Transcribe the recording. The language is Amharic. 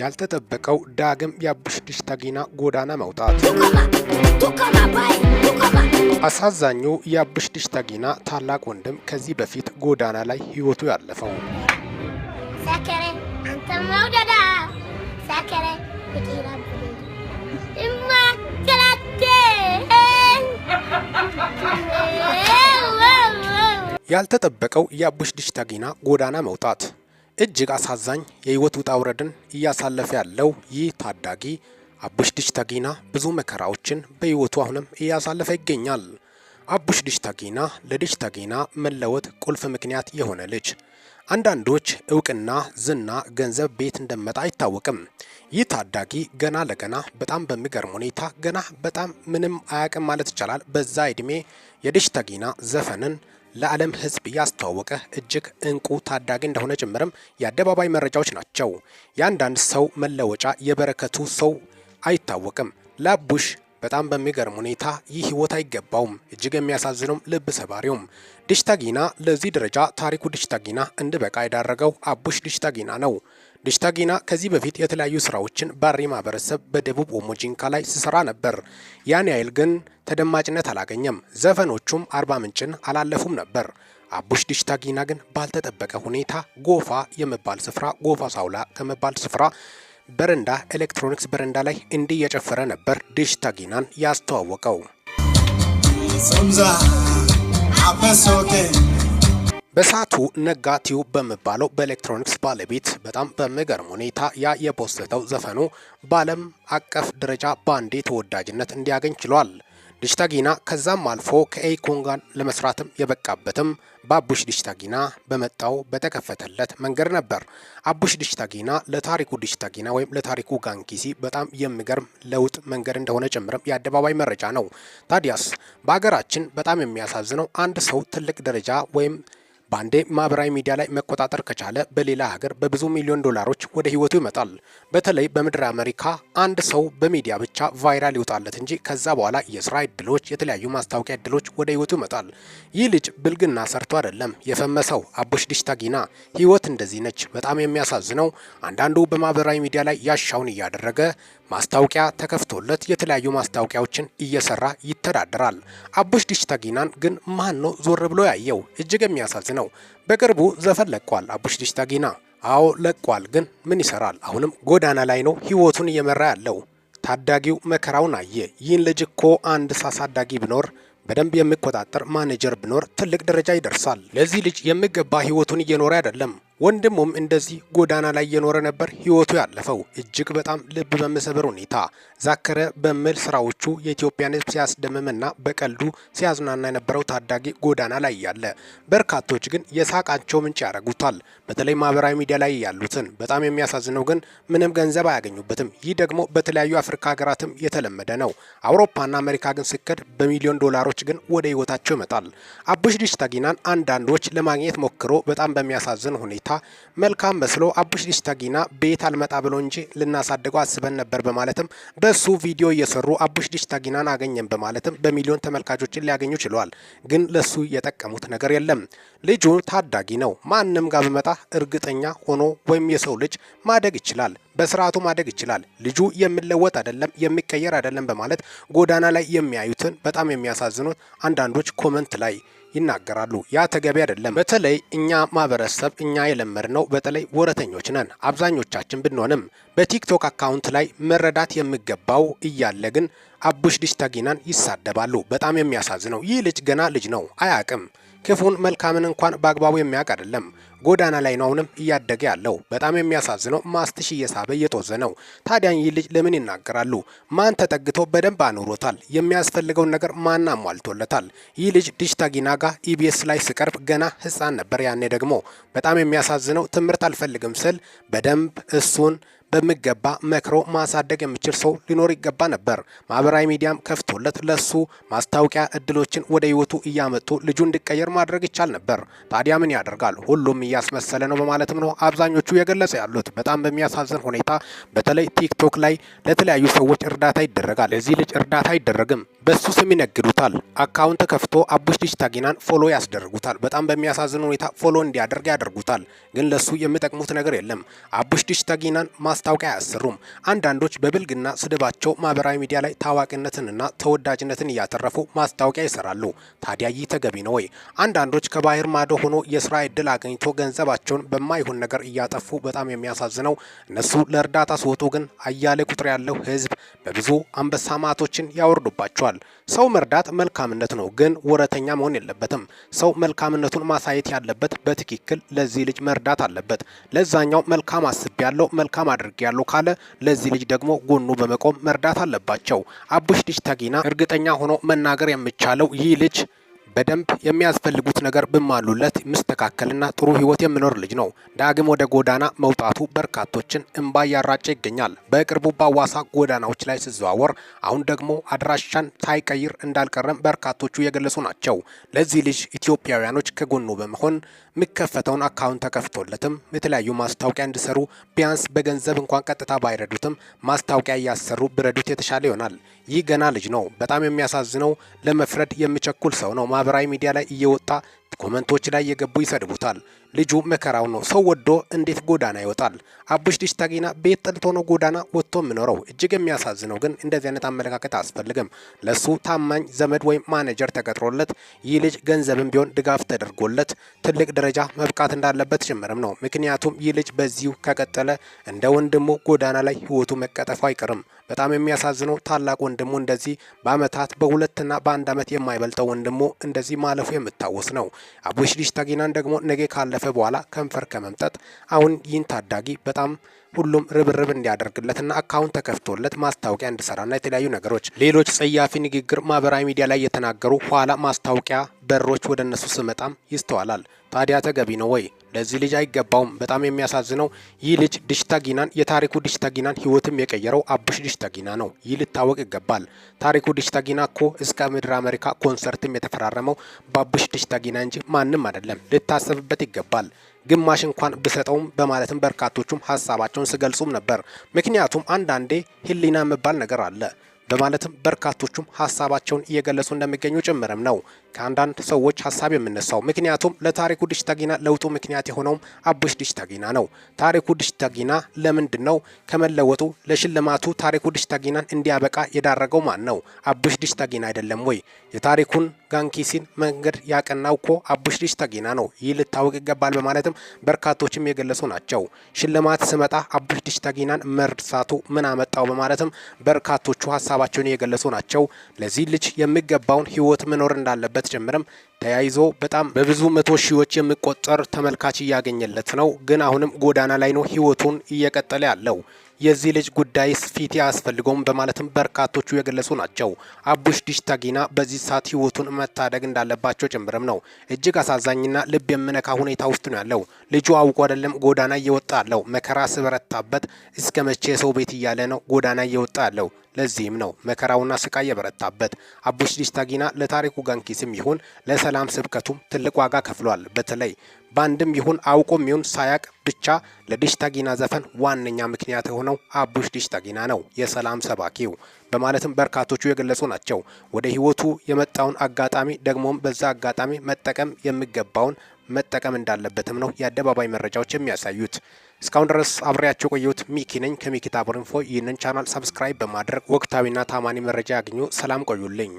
ያልተጠበቀው ዳግም የአቡሽ ዲሽታጊና ጎዳና መውጣት አሳዛኙ የአቡሽ ዲሽታጊና ታላቅ ወንድም ከዚህ በፊት ጎዳና ላይ ህይወቱ ያለፈው ያልተጠበቀው የአቡሽ ዲሽታጊና ጎዳና መውጣት እጅግ አሳዛኝ የህይወት ውጣ ውረድን እያሳለፈ ያለው ይህ ታዳጊ አቡሽ ዲሽታጊና ብዙ መከራዎችን በህይወቱ አሁንም እያሳለፈ ይገኛል። አቡሽ ዲሽታጊና ለዲሽታጊና መለወጥ ቁልፍ ምክንያት የሆነ ልጅ። አንዳንዶች እውቅና፣ ዝና፣ ገንዘብ ቤት እንደመጣ አይታወቅም። ይህ ታዳጊ ገና ለገና በጣም በሚገርም ሁኔታ ገና በጣም ምንም አያቅም ማለት ይቻላል። በዛ እድሜ የዲሽታጊና ዘፈንን ለዓለም ሕዝብ ያስተዋወቀ እጅግ እንቁ ታዳጊ እንደሆነ ጭምርም የአደባባይ መረጃዎች ናቸው። የአንዳንድ ሰው መለወጫ የበረከቱ ሰው አይታወቅም። ላቡሽ በጣም በሚገርም ሁኔታ ይህ ህይወት አይገባውም። እጅግ የሚያሳዝኑም ልብ ሰባሪውም ዲሽታጊና ለዚህ ደረጃ ታሪኩ ዲሽታጊና እንድበቃ የዳረገው አቡሽ ዲሽታጊና ነው። ደሽታ ከዚህ በፊት የተለያዩ ስራዎችን ባሪ ማህበረሰብ በደቡብ ኦሞ ጂንካ ላይ ስሰራ ነበር። ያን ያይል ግን ተደማጭነት አላገኘም። ዘፈኖቹም አርባ ምንጭን አላለፉም ነበር። አቡሽ ዲሽታ ጊና ግን ባልተጠበቀ ሁኔታ ጎፋ የመባል ስፍራ ጎፋ ሳውላ ከመባል ስፍራ በረንዳ ኤሌክትሮኒክስ በረንዳ ላይ እንዲህ የጨፈረ ነበር ያስተዋወቀው ጊናን ያስተዋወቀው። በሳቱ ነጋቲው በሚባለው በኤሌክትሮኒክስ ባለቤት በጣም በሚገርም ሁኔታ ያ የፖስተው ዘፈኑ በዓለም አቀፍ ደረጃ በአንዴ ተወዳጅነት እንዲያገኝ ችሏል። ዲሽታጊና ከዛም አልፎ ከኤኮን ጋር ለመስራትም የበቃበትም በአቡሽ ዲሽታጊና በመጣው በተከፈተለት መንገድ ነበር። አቡሽ ዲሽታጊና ለታሪኩ ዲሽታጊና ወይም ለታሪኩ ጋንኪሲ በጣም የሚገርም ለውጥ መንገድ እንደሆነ ጭምርም የአደባባይ መረጃ ነው። ታዲያስ በሀገራችን በጣም የሚያሳዝነው አንድ ሰው ትልቅ ደረጃ ወይም በአንዴ ማህበራዊ ሚዲያ ላይ መቆጣጠር ከቻለ በሌላ ሀገር በብዙ ሚሊዮን ዶላሮች ወደ ህይወቱ ይመጣል። በተለይ በምድር አሜሪካ አንድ ሰው በሚዲያ ብቻ ቫይራል ይወጣለት እንጂ ከዛ በኋላ የስራ እድሎች፣ የተለያዩ ማስታወቂያ እድሎች ወደ ህይወቱ ይመጣል። ይህ ልጅ ብልግና ሰርቶ አይደለም የፈመሰው። አቦሽ ዲሽታጊና ህይወት እንደዚህ ነች። በጣም የሚያሳዝነው አንዳንዱ በማህበራዊ ሚዲያ ላይ ያሻውን እያደረገ ማስታወቂያ ተከፍቶለት የተለያዩ ማስታወቂያዎችን እየሰራ ይተዳደራል። አቡሽ ዲሽታጊናን ግን ማን ነው ዞር ብሎ ያየው? እጅግ የሚያሳዝነው በቅርቡ ዘፈን ለቋል አቡሽ ዲሽታጊና። አዎ ለቋል፣ ግን ምን ይሰራል? አሁንም ጎዳና ላይ ነው ህይወቱን እየመራ ያለው። ታዳጊው መከራውን አየ። ይህን ልጅ እኮ አንድ ሳሳዳጊ ቢኖር በደንብ የሚቆጣጠር ማኔጀር ቢኖር ትልቅ ደረጃ ይደርሳል። ለዚህ ልጅ የሚገባ ህይወቱን እየኖረ አይደለም። ወንድሙም እንደዚህ ጎዳና ላይ የኖረ ነበር ህይወቱ ያለፈው እጅግ በጣም ልብ በመሰበር ሁኔታ። ዛከረ በሚል ስራዎቹ የኢትዮጵያን ህዝብ ሲያስደምምና በቀልዱ ሲያዝናና የነበረው ታዳጊ ጎዳና ላይ ያለ፣ በርካቶች ግን የሳቃቸው ምንጭ ያደርጉታል። በተለይ ማህበራዊ ሚዲያ ላይ ያሉትን። በጣም የሚያሳዝነው ግን ምንም ገንዘብ አያገኙበትም። ይህ ደግሞ በተለያዩ አፍሪካ ሀገራትም የተለመደ ነው። አውሮፓና አሜሪካ ግን ስከድ በሚሊዮን ዶላሮች ግን ወደ ህይወታቸው ይመጣል። አቡሽ ዲሽታጊናን አንዳንዶች ለማግኘት ሞክሮ በጣም በሚያሳዝን ሁኔታ መልካም መስሎ አቡሽ ዲሽታጊና ቤት አልመጣ ብሎ እንጂ ልናሳድገው አስበን ነበር በማለትም በሱ ቪዲዮ እየሰሩ አቡሽ ዲሽታጊናን አገኘን በማለትም በሚሊዮን ተመልካቾችን ሊያገኙ ችለዋል። ግን ለሱ የጠቀሙት ነገር የለም። ልጁ ታዳጊ ነው። ማንም ጋር በመጣ እርግጠኛ ሆኖ ወይም የሰው ልጅ ማደግ ይችላል በስርዓቱ ማደግ ይችላል። ልጁ የሚለወጥ አይደለም የሚቀየር አይደለም በማለት ጎዳና ላይ የሚያዩትን በጣም የሚያሳዝኑት አንዳንዶች ኮመንት ላይ ይናገራሉ። ያ ተገቢ አይደለም። በተለይ እኛ ማህበረሰብ እኛ የለመድነው በተለይ ወረተኞች ነን አብዛኞቻችን ብንሆንም በቲክቶክ አካውንት ላይ መረዳት የሚገባው እያለ ግን አቡሽ ዲሽታጊናን ይሳደባሉ። በጣም የሚያሳዝነው ይህ ልጅ ገና ልጅ ነው፣ አያቅም ክፉን መልካምን እንኳን በአግባቡ የሚያውቅ አይደለም። ጎዳና ላይ ነው አሁንም እያደገ ያለው። በጣም የሚያሳዝነው ማስትሽ እየሳበ እየጦዘ ነው። ታዲያ ይህ ልጅ ለምን ይናገራሉ? ማን ተጠግቶ በደንብ አኑሮታል? የሚያስፈልገውን ነገር ማን አሟልቶለታል? ይህ ልጅ ዲጂታ ጊናጋ ኢቢኤስ ላይ ስቀርብ ገና ህፃን ነበር። ያኔ ደግሞ በጣም የሚያሳዝነው ትምህርት አልፈልግም ስል በደንብ እሱን በሚገባ መክሮ ማሳደግ የሚችል ሰው ሊኖር ይገባ ነበር። ማህበራዊ ሚዲያም ከፍቶለት ለሱ ማስታወቂያ እድሎችን ወደ ህይወቱ እያመጡ ልጁ እንዲቀየር ማድረግ ይቻል ነበር። ታዲያ ምን ያደርጋል ሁሉም እያስመሰለ ነው በማለትም ነው አብዛኞቹ የገለጸ ያሉት። በጣም በሚያሳዝን ሁኔታ በተለይ ቲክቶክ ላይ ለተለያዩ ሰዎች እርዳታ ይደረጋል። እዚህ ልጅ እርዳታ አይደረግም። በሱ ስም ይነግዱታል። አካውንት ከፍቶ አቡሽ ዲጂታጊናን ፎሎ ያስደርጉታል። በጣም በሚያሳዝን ሁኔታ ፎሎ እንዲያደርግ ያደርጉታል። ግን ለሱ የሚጠቅሙት ነገር የለም። አቡሽ ዲጂታጊናን ማስታወቂያ አያሰሩም። አንዳንዶች በብልግና ስድባቸው ማህበራዊ ሚዲያ ላይ ታዋቂነትንና ተወዳጅነትን እያተረፉ ማስታወቂያ ይሰራሉ። ታዲያ ይህ ተገቢ ነው ወይ? አንዳንዶች ከባህር ማዶ ሆኖ የስራ እድል አገኝቶ ገንዘባቸውን በማይሆን ነገር እያጠፉ በጣም የሚያሳዝነው እነሱ ለእርዳታ ሲወጡ ግን አያሌ ቁጥር ያለው ህዝብ በብዙ አንበሳ ማቶችን ያወርዱባቸዋል። ተናግሯል። ሰው መርዳት መልካምነት ነው፣ ግን ወረተኛ መሆን የለበትም። ሰው መልካምነቱን ማሳየት ያለበት በትክክል ለዚህ ልጅ መርዳት አለበት። ለዛኛው መልካም አስቤያለሁ፣ መልካም አድርጌያለሁ ካለ ለዚህ ልጅ ደግሞ ጎኑ በመቆም መርዳት አለባቸው። አቡሽ ልጅ ተጊና እርግጠኛ ሆኖ መናገር የሚቻለው ይህ ልጅ በደንብ የሚያስፈልጉት ነገር ብማሉለት የምስተካከልና ጥሩ ህይወት የምኖር ልጅ ነው። ዳግም ወደ ጎዳና መውጣቱ በርካቶችን እምባ እያራጨ ይገኛል። በቅርቡ በአዋሳ ጎዳናዎች ላይ ሲዘዋወር፣ አሁን ደግሞ አድራሻን ሳይቀይር እንዳልቀረም በርካቶቹ የገለጹ ናቸው። ለዚህ ልጅ ኢትዮጵያውያኖች ከጎኑ በመሆን የሚከፈተውን አካውንት ተከፍቶለትም የተለያዩ ማስታወቂያ እንዲሰሩ ቢያንስ በገንዘብ እንኳን ቀጥታ ባይረዱትም ማስታወቂያ እያሰሩ ብረዱት የተሻለ ይሆናል። ይህ ገና ልጅ ነው። በጣም የሚያሳዝነው ለመፍረድ የሚቸኩል ሰው ነው። ማህበራዊ ሚዲያ ላይ እየወጣ ኮመንቶች ላይ የገቡ ይሰድቡታል። ልጁ መከራው ነው። ሰው ወዶ እንዴት ጎዳና ይወጣል? አቡሽ ዲሽታጊና ቤት ጠልቶ ነው ጎዳና ወጥቶ የሚኖረው። እጅግ የሚያሳዝነው ግን እንደዚህ አይነት አመለካከት አያስፈልግም። ለሱ ታማኝ ዘመድ ወይም ማኔጀር ተቀጥሮለት ይህ ልጅ ገንዘብም ቢሆን ድጋፍ ተደርጎለት ትልቅ ደረጃ መብቃት እንዳለበት ጭምርም ነው። ምክንያቱም ይህ ልጅ በዚሁ ከቀጠለ እንደ ወንድሙ ጎዳና ላይ ህይወቱ መቀጠፉ አይቀርም። በጣም የሚያሳዝነው ታላቅ ወንድሙ እንደዚህ በአመታት በሁለትና በአንድ አመት የማይበልጠው ወንድሙ እንደዚህ ማለፉ የምታወስ ነው። አቡሽ ልጅ ደግሞ ነገ ካለፈ በኋላ ከንፈር ከመምጠጥ አሁን ይህን ታዳጊ በጣም ሁሉም ርብርብ እንዲያደርግለትና አካውንት ተከፍቶለት ማስታወቂያ እንዲሰራና የተለያዩ ነገሮች ሌሎች ጸያፊ ንግግር ማህበራዊ ሚዲያ ላይ የተናገሩ ኋላ ማስታወቂያ በሮች ወደ እነሱ ስመጣም ይስተዋላል። ታዲያ ተገቢ ነው ወይ? ለዚህ ልጅ አይገባውም። በጣም የሚያሳዝነው ይህ ልጅ ድሽታጊናን የታሪኩ ድሽታጊናን ህይወትም የቀየረው አቡሽ ድሽታጊና ነው። ይህ ልታወቅ ይገባል። ታሪኩ ድሽታጊና እኮ እስከ ምድር አሜሪካ ኮንሰርትም የተፈራረመው በአቡሽ ድሽታጊና እንጂ ማንም አይደለም። ልታሰብበት ይገባል። ግማሽ እንኳን ብሰጠውም በማለትም በርካቶቹም ሀሳባቸውን ስገልጹም ነበር። ምክንያቱም አንዳንዴ ህሊና የሚባል ነገር አለ በማለትም በርካቶቹም ሀሳባቸውን እየገለጹ እንደሚገኙ ጭምርም ነው። ከአንዳንድ ሰዎች ሀሳብ የምነሳው ምክንያቱም ለታሪኩ ዲሽታጊና ለውጡ ምክንያት የሆነውም አቡሽ ዲሽታጊና ነው። ታሪኩ ዲሽታጊና ለምንድን ነው ከመለወጡ ለሽልማቱ ታሪኩ ዲሽታጊናን እንዲያበቃ የዳረገው ማን ነው? አቡሽ ዲሽታጊና አይደለም ወይ? የታሪኩን ጋንኪሲን መንገድ ያቀናው እኮ አቡሽ ዲሽታጊና ነው። ይህ ልታወቅ ይገባል በማለትም በርካቶችም የገለጹ ናቸው። ሽልማት ስመጣ አቡሽ ዲሽታጊናን መርሳቱ ምን አመጣው በማለትም በርካቶቹ ሀሳባቸውን የገለጹ ናቸው። ለዚህ ልጅ የሚገባውን ህይወት መኖር እንዳለበት ጀምረም ተያይዞ በጣም በብዙ መቶ ሺዎች የሚቆጠር ተመልካች እያገኘለት ነው። ግን አሁንም ጎዳና ላይ ነው ህይወቱን እየቀጠለ ያለው። የዚህ ልጅ ጉዳይስ ፊት አያስፈልገውም በማለትም በርካቶቹ የገለጹ ናቸው። አቡሽ ዲሽታጊና በዚህ ሰዓት ህይወቱን መታደግ እንዳለባቸው ጭምርም ነው። እጅግ አሳዛኝና ልብ የምነካ ሁኔታ ውስጥ ነው ያለው። ልጁ አውቆ አይደለም ጎዳና እየወጣ ያለው። መከራ ስበረታበት እስከ መቼ ሰው ቤት እያለ ነው ጎዳና እየወጣ ያለው። ለዚህም ነው መከራውና ስቃይ የበረታበት። አቡሽ ዲሽታጊና ለታሪኩ ጋንኪስም ይሁን ለሰላም ስብከቱም ትልቅ ዋጋ ከፍሏል። በተለይ ባንድም ይሁን አውቆም ይሁን ሳያቅ ብቻ ለዲሽታጊና ዘፈን ዋነኛ ምክንያት የሆነው አቡሽ ዲሽታጊና ነው የሰላም ሰባኪው በማለትም በርካቶቹ የገለጹ ናቸው። ወደ ህይወቱ የመጣውን አጋጣሚ ደግሞም በዛ አጋጣሚ መጠቀም የሚገባውን መጠቀም እንዳለበትም ነው የአደባባይ መረጃዎች የሚያሳዩት። እስካሁን ድረስ አብሬያቸው ቆየሁት። ሚኪ ነኝ ከሚኪ ኢንፎ። ይህንን ቻናል ሰብስክራይብ በማድረግ ወቅታዊና ታማኒ መረጃ ያግኙ። ሰላም ቆዩልኝ።